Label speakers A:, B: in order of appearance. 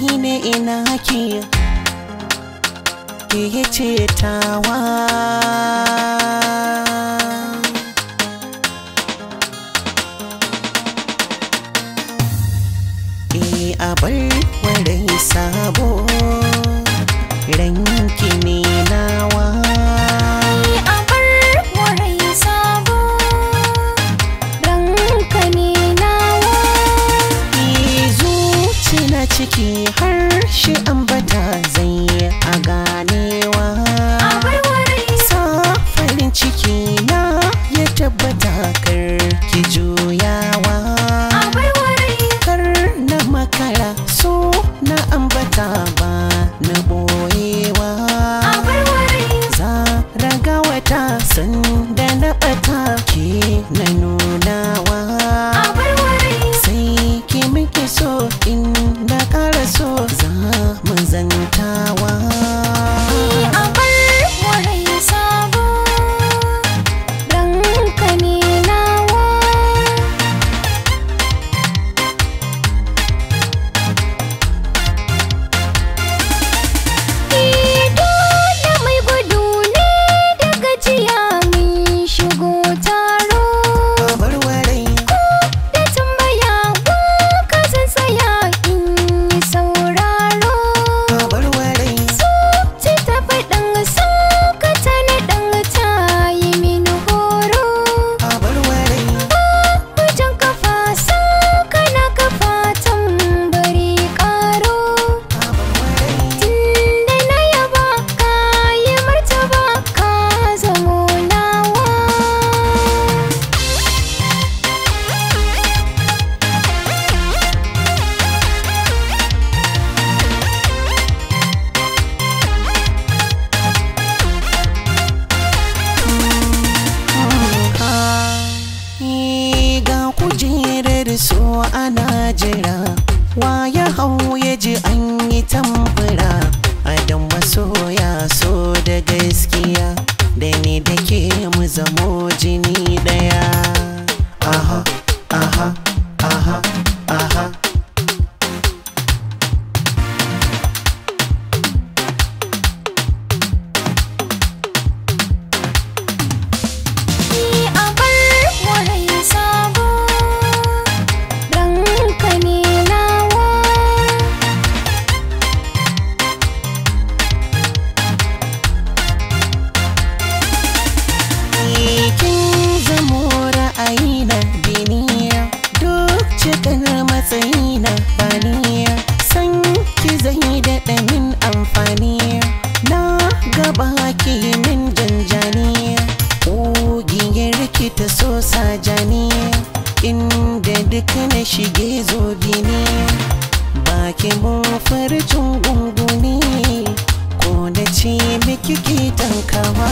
A: ina ne ina ke ke ce tawa e, abar warai sabo ranki
B: ne nawa
A: i har shi ambata zai a ganewa sa farin ciki na ya tabbata kar ki juyawa kar na makara so na ambata ba na boyewa za raga wata san da na bata ke nan an yi tambura adam masoya so da gaskiya da ni da ke mu zamo jini daya matuƙar matsayi na san ki zai daɗa min amfani na gaba ki min janjani ƙugiyar ki ta so sajani inda duk na shige zobi ne baki mun farcin gunguni ko da ce
B: miki ki tankawa